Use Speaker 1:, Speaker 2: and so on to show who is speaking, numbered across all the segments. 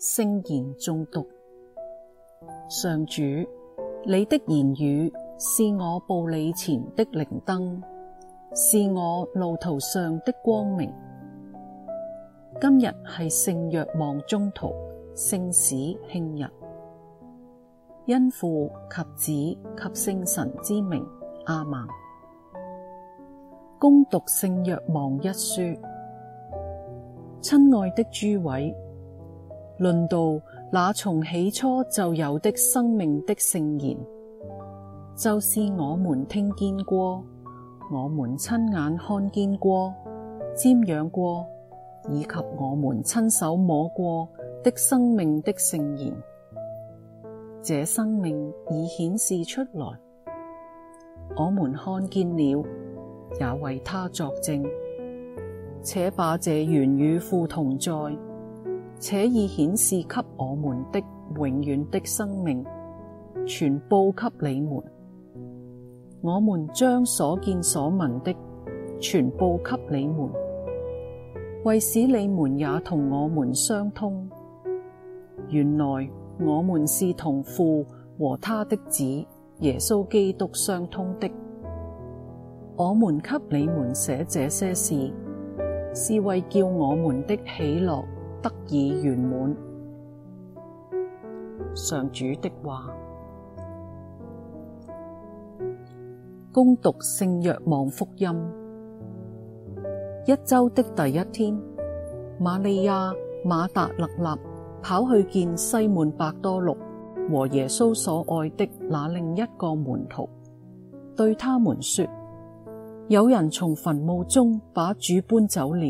Speaker 1: 聖言誦讀。上主，你的言語是我步履前的靈燈，是我路途上的光明。今日係聖若望宗徒，聖史慶日，因父及子及聖神之名，阿門。恭讀聖若望一書，親愛的諸位。論到那從起初就有的生命的聖言，就是我們聽見過、我們親眼看見過、瞻仰過，以及我們親手摸過的生命的聖言。這生命已顯示出來，我們看見了，也為他作證，且把這原與父同在。且已顯示給我們的永遠的生命，傳報給你們。我們將所見所聞的傳報給你們，為使你們也同我們相通。原來我們是同父和他的子耶穌基督相通的。我們給你們寫這些事，是為叫我們的喜樂。得以圓滿。上主的話。恭讀聖若望福音，一周的第一天，瑪利亞瑪達肋納跑去見西滿伯多祿和耶穌所愛的那另一個門徒，對他們說：有人從墳墓中把主搬走了。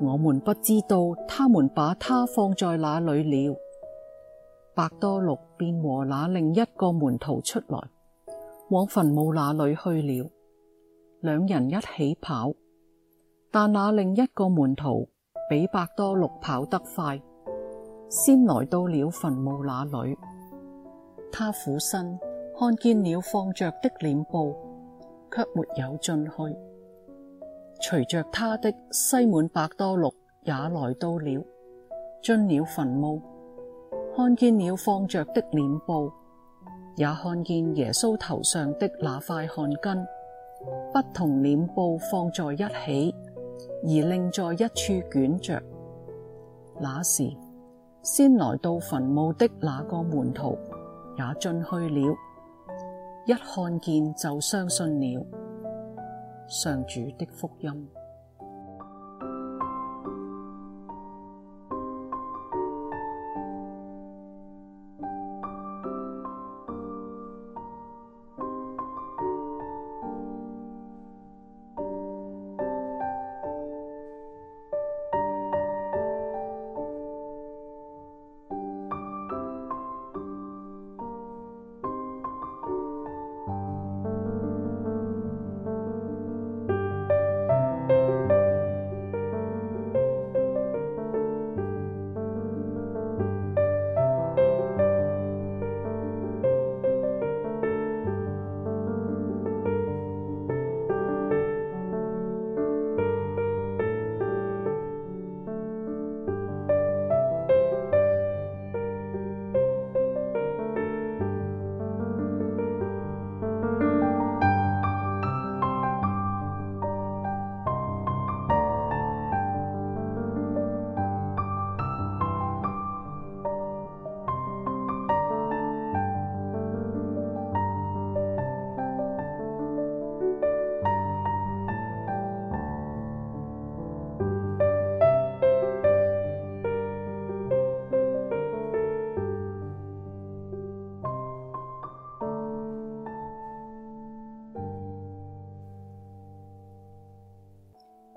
Speaker 1: 我們不知道他們把他放在哪裏了。伯多祿便和那另一個門徒出來，往墳墓那裏去了。兩人一起跑，但那另一個門徒比伯多祿跑得快，先來到了墳墓那裏。他俯身看見了放着的殮布，卻沒有進去。隨着他的西滿伯多祿也來到了，進了墳墓，看見了放着的殮布，也看見耶穌頭上的那塊汗巾，不同殮布放在一起，而另在一處捲着。那時，先來到墳墓的那個門徒也進去了，一看見就相信了。上主的福音。